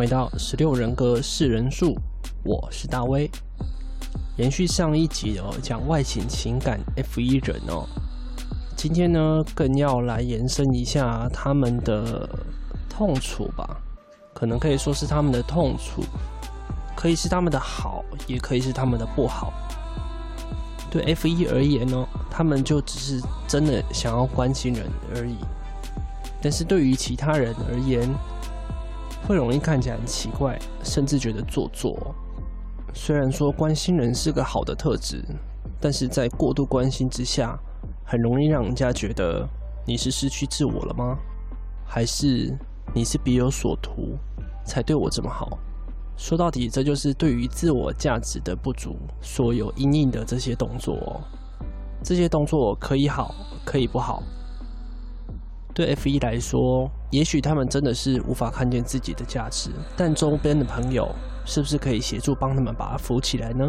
回到十六人格四人數，我是大威。延續上一集哦，講外型情感 Fe 人哦，今天呢更要來延伸一下他們的痛楚吧。可能可以說是他們的痛楚，可以是他們的好，也可以是他們的不好。對 Fe 而言呢，他們就只是真的想要關心人而已。但是對於其他人而言，會容易看起來很奇怪，甚至覺得做作。雖然說關心人是個好的特質，但是在過度關心之下，很容易讓人家覺得你是失去自我了嗎？還是你是別有所圖，才對我這麼好？說到底，這就是對於自我價值的不足，所有因應的這些動作。這些動作可以好，可以不好。對 Fe 來說，也許他們真的是無法看見自己的價值，但周邊的朋友是不是可以協助幫他們把它扶起來呢？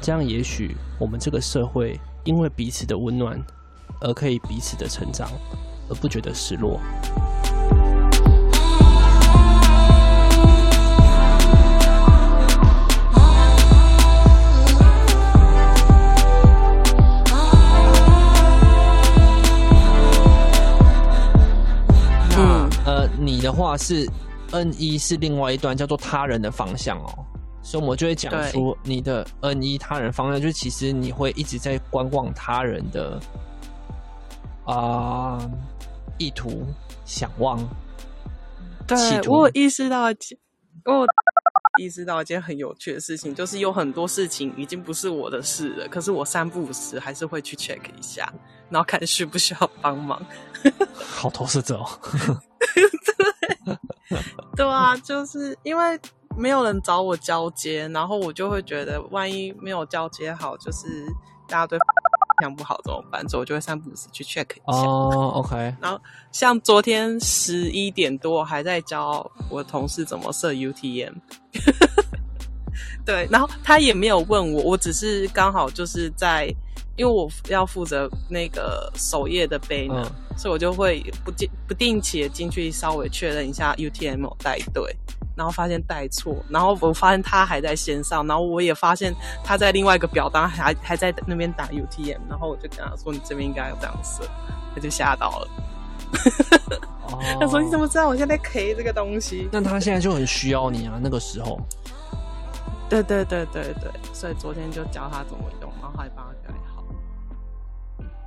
這樣也許我們這個社會因為彼此的溫暖而可以彼此的成長，而不覺得失落。的話是 Ni 是另外一段叫做他人的方向哦，所以我們就會講出你的 Ni 他人方向，對就其實你會一直在觀望他人的啊、呃、意圖、想望。對圖我有意識到我，我意識到一件很有趣的事情，就是有很多事情已經不是我的事了，可是我三不五時還是會去 check 一下，然後看需不需要幫忙。 好投射者哦。 對啊，就是因為沒有人找我交接，然後我就會覺得，萬一沒有交接好，就是大家對 X X 非常不好，怎麼辦？所以我就會三不五時去 check 一下。哦、oh，OK。 然後像昨天十一點多還在教我同事怎麼設 U T M。 對，然後他也沒有問我，我只是剛好就是在。因為我要負責那個首頁的背呢，嗯、所以我就會不定不定期進去稍微確認一下 UTM 帶對，然後發現帶錯，然後我發現他還在線上，然後我也發現他在另外一個表單還還在那邊打 UTM，然後我就跟他說：“你這邊應該有這樣子。”他就嚇到了， 哦、 他說：“你怎麼知道我現在在 K 這個東西？”那他現在就很需要你啊！那個時候，對,對對對對對，所以昨天就教他怎麼用，然後還幫他改。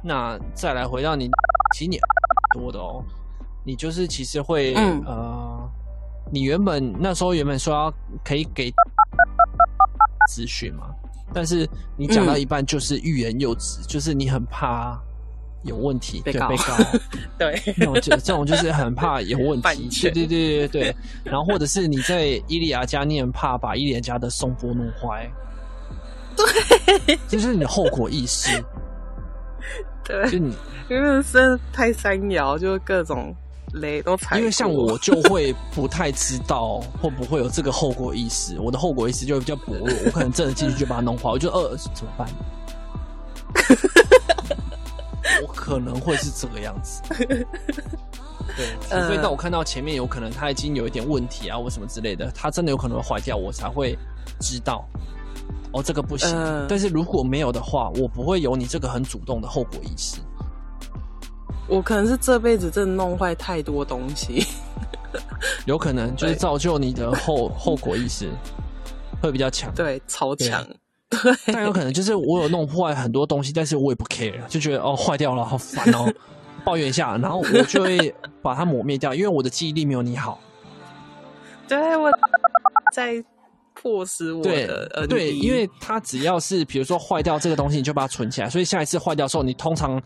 那再來回到你幾年多的哦、喔，你就是其實會、嗯、呃，你原本那時候原本說要可以給資訊嘛，但是你講到一半就是欲言又止，嗯、就是你很怕有問題，被告高，對， 對，就這種就是很怕有問題，全對對對對對，然後或者是你在伊利亞家你很怕把伊利亞家的松波弄壞，對，就是你的後果意識。就你，因為是太山搖，就各種雷都踩。因為像我就會不太知道會不會有這個後果意識， 我的後果意識就比較薄弱， 我可能真的進去就把它弄壞，我就呃怎麼辦？ 我可能會是這個樣子， 對，除非當我看到前面有可能他已經有一點問題啊或什麼之類的，他真的有可能會壞掉，我才會知道。哦，這個不行。呃，但是如果沒有的話，我不會有你這個很主動的後果意識。我可能是這輩子真的弄壞太多東西， 有可能就是造就你的後對後果意識會比較強，對，超強。對對但有可能就是我有弄壞很多東西，但是我也不 care，就覺得哦，壞掉了，好煩哦， 抱怨一下，然後我就會把它抹滅掉，因為我的記憶力沒有你好。對，我在。迫使我呃，對，因為他只要是比如說壞掉這個東西，你就把它存起來，所以下一次壞掉的時候，你通常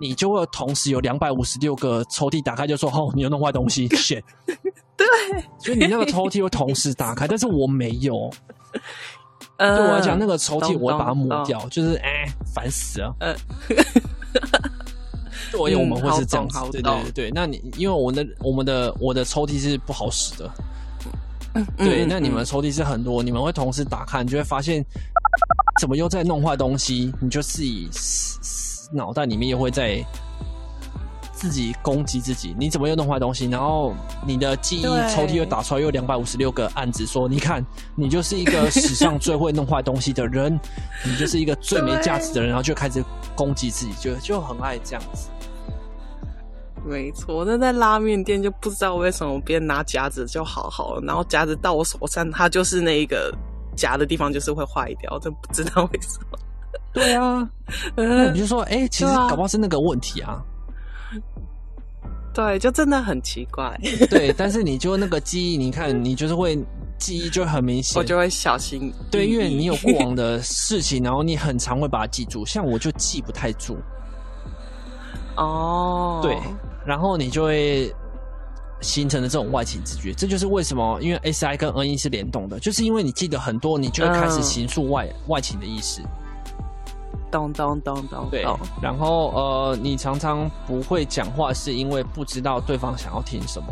你就會同時有兩百五十六個抽屜打開，就說“哦，你有弄壞東西！”對，所以你那個抽屜會同時打開，但是我沒有。對我來講，那個抽屜我會把它抹掉，就是哎，煩死了。對，因為我們會是這樣子，對對對。那你因為我們的我們的我的抽屜是不好使的。嗯嗯對，那你們抽屜是很多，你們會同時打開，你就會發現怎麼又在弄壞東西，你就自己腦袋裡面又會在自己攻擊自己，你怎麼又弄壞東西？然後你的記憶抽屜又打出來，又兩百五十六個案子，對說你看你就是一個史上最會弄壞東西的人， 你就是一個最沒價值的人，然後就開始攻擊自己，就就很愛這樣子。沒錯，那在拉面店就不知道為什麼別人拿夾子就好好了，然後夾子到我手上，它就是那個夾的地方就是會壞掉，真不知道為什麼。對啊，嗯、你就說，哎、欸，啊、其實搞不好是那個問題啊。對，就真的很奇怪。對，但是你就那個記憶，你看，你就是會記憶就很明顯。我就會小心翼翼。對，因為你有過往的事情，然後你很常會把它記住。像我就記不太住。哦。Oh. 對。然後你就會形成了這種外傾直覺。這就是為什麼，因為 S I 跟 N E 是聯動的，就是因為你記得很多，你就會開始形塑外、嗯、外傾的意識。當當當當，對。哦、然後呃，你常常不會講話，是因為不知道對方想要聽什麼，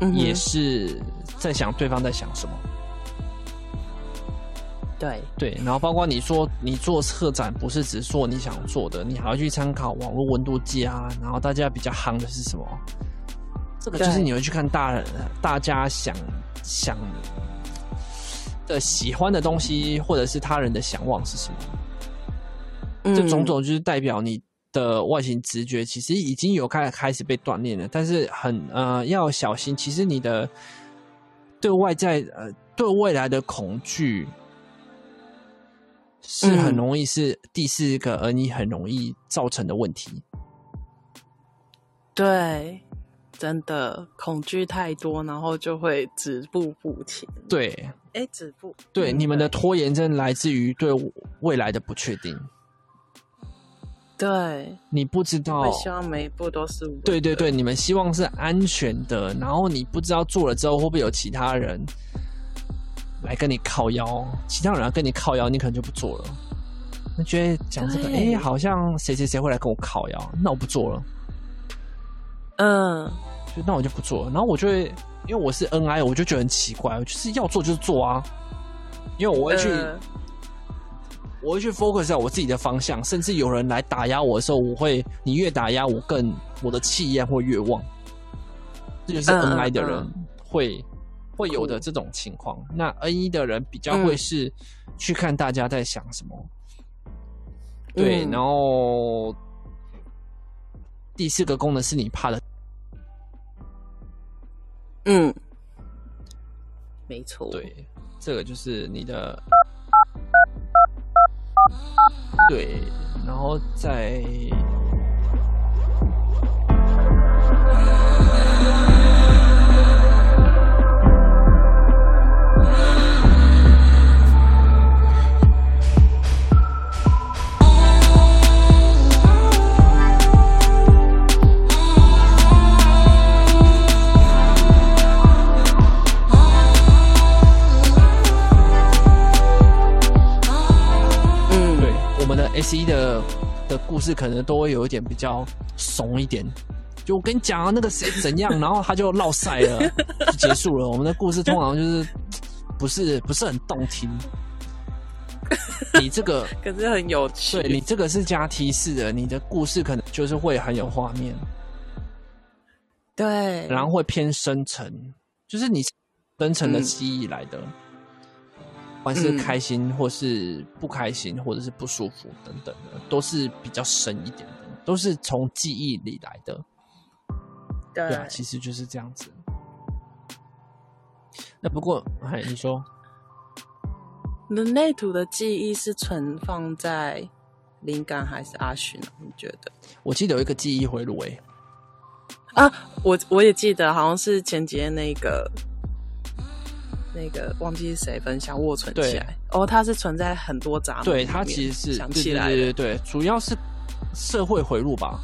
嗯、哼也是在想對方在想什麼。對對，然後包括你說你做策展，不是只做你想做的，你還要去參考網絡溫度計啊，然後大家比較夯的是什麼？這個就是你會去看大人對大家想想的喜歡的東西，嗯、或者是他人的想望是什麼？這、嗯、種種就是代表你的外形直覺其實已經有開開始被鍛鍊了，但是很呃要小心，其實你的對外在呃對未來的恐懼，是很容易是第四個，而你很容易造成的問題。嗯、對，真的恐懼太多，然後就會止步不前。對，哎、欸，止步。對，嗯、你們的拖延症來自於對未來的不確定。對，你不知道。希望每一步都是。對對對，你們希望是安全的，然後你不知道做了之後會不會有其他人。來跟你靠腰，其他人要跟你靠腰，你可能就不做了。你覺得講這個，哎對，好像誰誰誰會來跟我靠腰，那我不做了。嗯，就那我就不做了。然後我就會，因為我是 Ni，我就覺得很奇怪，我就是要做就是做啊。因為我會去，嗯、我會去 focus 在我自己的方向。甚至有人來打壓我的時候，我會，你越打壓我更，更我的氣焰會越旺。這就是 Ni 的人會。嗯會會有的這種情況，酷那 N 一的人比較會是去看大家在想什麼，嗯、對，然後第四個功能是你怕的，嗯，沒錯，對，這個就是你的，對，然後再。C 的的故事可能都會有一點比較慫一點，就我跟你講啊，那個誰怎樣， 然後他就落賽了，就結束了。我們的故事通常就是不是不是很動聽。 你這個可是很有趣，你這個是加提示的，你的故事可能就是會很有畫面。對、嗯，然後會偏深層，就是你深層的記憶來的。嗯或是開心，或是不開心，或者是不舒服等等的，嗯、都是比較深一點的，都是從記憶裡來的。對，對、啊，其實就是這樣子。那不過，哎，你說，人類圖的記憶是存放在靈感還是阿呢，你覺得？我記得有一個記憶回路哎、欸。啊，我我也記得，好像是前幾天那個。那個忘記是誰分享，我存起來。哦對，它、oh, 是存在很多雜。對，它其實是想起來。對，對，對，對，主要是社會回路吧。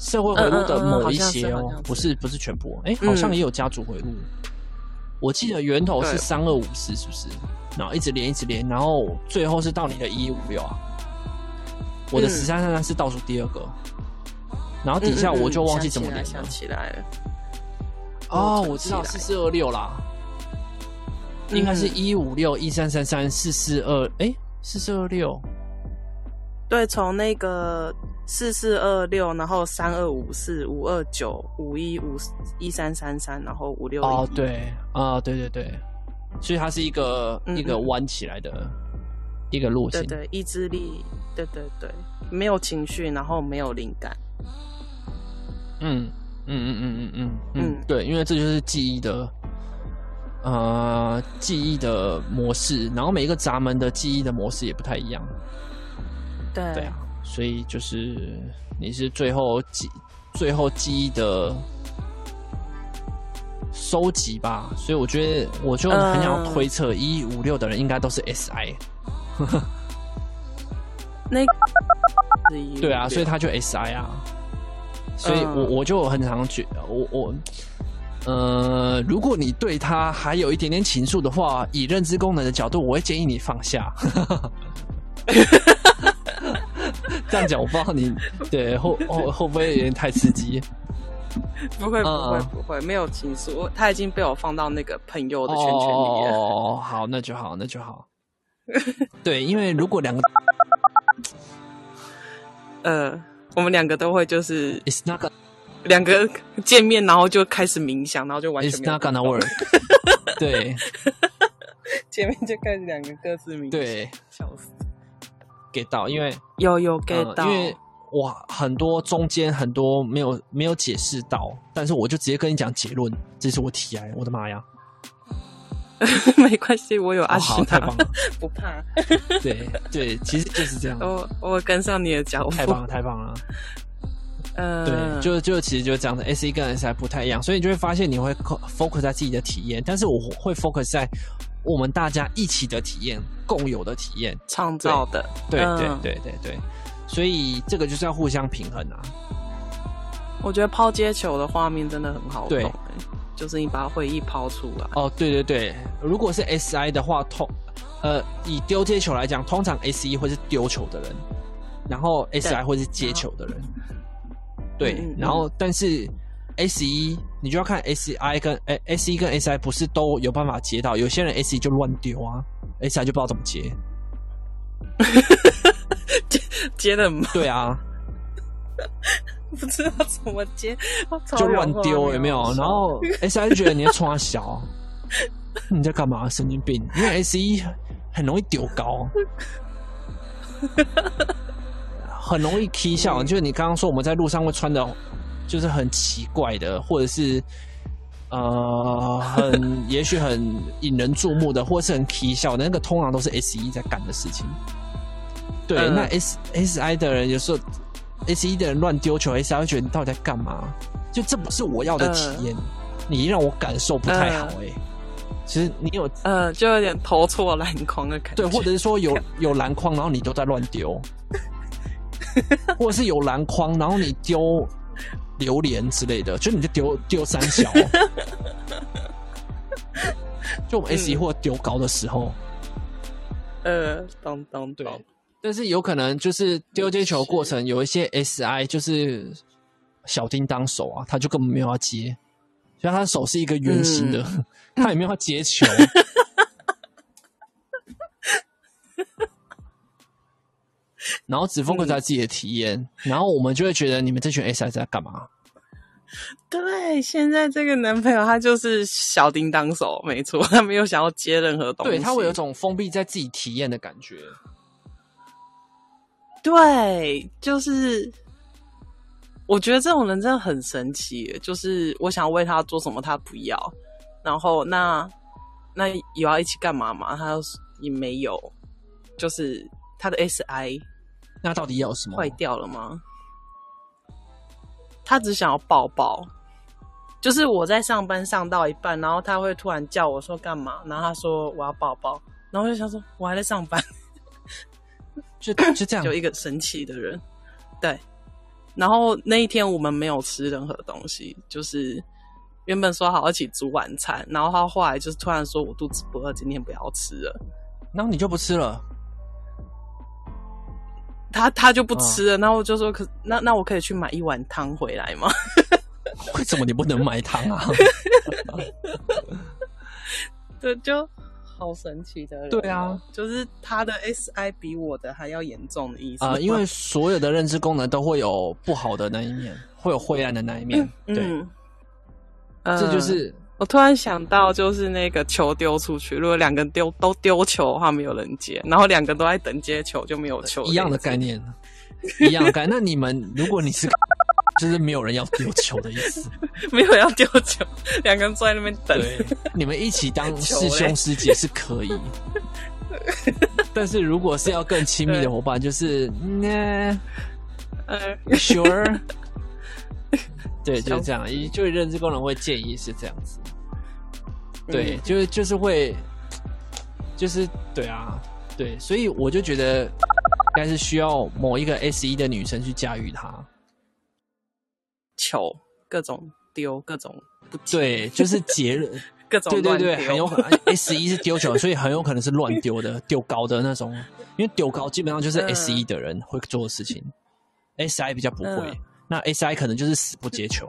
社會回路的某一些哦，不是不是全部。哎、欸，好像也有家族回路。嗯、我記得源頭是三二五四，是不是？然後一直連一直連，然後最後是到你的一五六啊。嗯、我的十三三三是倒數第二個。然後底下我就忘記怎麼連，想、嗯嗯、起，起來了。哦，oh, 我知道是四四二六啦。應該是一五六一三三三四四二，哎，四四二六，欸、對，從那個四四二六，26, 然後三二五四五二九五一五一三三三，然後五六零。哦，對，啊、哦，對對對，所以它是一個、嗯、一個彎起來的、嗯、一個路線。對對，意志力，對對對，沒有情緒，然後沒有靈感。嗯嗯嗯嗯嗯嗯嗯，嗯嗯嗯嗯嗯，對，因為這就是記憶的。呃，記憶的模式，然後每一個閘門的記憶的模式也不太一樣，對對啊，所以就是你是最後記，最後記憶的收集吧，所以我覺得我就很想推測一五六的人應該都是 SI, S I，uh, 那個是你對啊，所以他就 S I 啊，uh, 所以我我就很常覺我我。我呃，如果你對他還有一點點情愫的話，以認知功能的角度，我會建議你放下。 這樣講，我放你對後會會不會有點太刺激？不會，不會，呃，不會，不會，沒有情愫，他已經被我放到那個朋友的圈圈裡面。哦哦，好，那就好，那就好。 對，因為如果兩個， 呃，我們兩個都會就是。兩個見面，然後就開始冥想，然後就完全沒有。 對，見 面就開始兩個各自冥想，對笑死。get 到，因為有有 get 到，因為我很多中間很多沒有沒有解釋到，但是我就直接跟你講結論，這是我體驗，我的媽呀！嗯、 沒關係，我有安心、哦，太棒了， 不怕。對對，其實就是這樣。 我我跟上你的腳步，太棒了，太棒了。呃，嗯、對，就就其實就是這樣的。SE 跟 SI 不太一樣，所以你就會發現你會 focus 在自己的體驗，但是我會 focus 在我們大家一起的體驗、共有的體驗、創造的對。對對對對對，嗯、所以這個就是要互相平衡啊。我覺得拋接球的畫面真的很好懂、欸、對。就是你把回憶拋出來。哦，對對對，如果是 SI 的話，通、呃以丟接球來講，通常 SE 會是丟球的人，然後 SI 會是接球的人。對嗯對，然後但是 Se 你就要看 Si 跟、欸、Se 跟 Si 不是都有辦法接到，有些人 Se 就亂丟啊，S,、嗯、Si、Si、就不知道怎麼接， 接得很慢對啊， 不知道怎麼接就亂丟有沒有？然後 Si 就覺得你在穿小， 你在幹嘛？神經病！因為 Se 很容易丟高。 很容易踢笑，就是你剛剛說我們在路上會穿的，就是很奇怪的，或者是呃很，也許很引人注目的，或者是很踢笑的那個，通常都是 Se 在幹的事情。對， 呃、 那 S S I 的人有時候 S 一的人亂丟球，S I 會覺得你到底在幹嘛？就這不是我要的體驗，呃、你讓我感受不太好欸。呃、其實你有呃，就有點投錯籃筐的感覺，對，或者是說有有籃筐，然後你都在亂丟。 或者是有籃筐，然後你丟榴蓮之類的，就你就丢丟三小， 就我們 S E、嗯、或丟高的時候，呃，當當對，對但是有可能就是丟接球的過程有一些 S I 就是小叮當手啊，他就根本沒有要接，因為他手是一個圓形的，他、嗯、也沒有要接球。 然後只封閉在自己的體驗，嗯、然後我們就會覺得你們這群 S I 在幹嘛？對，現在這個男朋友他就是小叮噹手，沒錯，他沒有想要接任何東西，對他會有一種封閉在自己體驗的感覺。對，就是我覺得這種人真的很神奇，就是我想為他做什麼他不要，然後那那有要一起幹嘛嘛？他又也沒有，就是他的 S I。那到底要什麼？壞掉了嗎？他只想要抱抱。就是我在上班上到一半，然後他會突然叫我說幹嘛，然後他說我要抱抱，然後我就想說我還在上班， 就就這樣，就一個神奇的人。對。然後那一天我們沒有吃任何東西，就是原本說好一起煮晚餐，然後他後來就是突然說我肚子不餓，今天不要吃了。然後你就不吃了。他他就不吃了，啊、然後我就說，可那那我可以去買一碗湯回來嗎？ 為什麼你不能買湯啊？這 就好神奇的，對啊，就是他的 SI 比我的還要嚴重的意思啊、呃，因為所有的認知功能都會有不好的那一面，會有晦暗的那一面，嗯嗯、對，呃、這就是。我突然想到，就是那個球丟出去，如果兩個人丟都丟球的話，沒有人接，然後兩個都在等接球，就沒有球一樣的概念， 一樣的概念。那你們如果你是， 就是沒有人要丟球的意思， 沒有要丟球，兩個人坐在那邊等。對，你們一起當師兄師姐是可以， 但是如果是要更親密的夥伴，就是呢，sure 對，就是這樣，以就認知功能會建議是這樣子。對，就是就是會，就是對啊，對，所以我就覺得應該是需要某一個 S 一的女生去駕馭他球，各種丟，各種不對，就是接各種，對對對，很有可能 S 一他，是丟球，所以很有可能是亂丟的， 丟高的那種，因為丟高基本上就是 S 一的人會做的事情，嗯、S I 比較不會，嗯、那 S I 可能就是死不接球。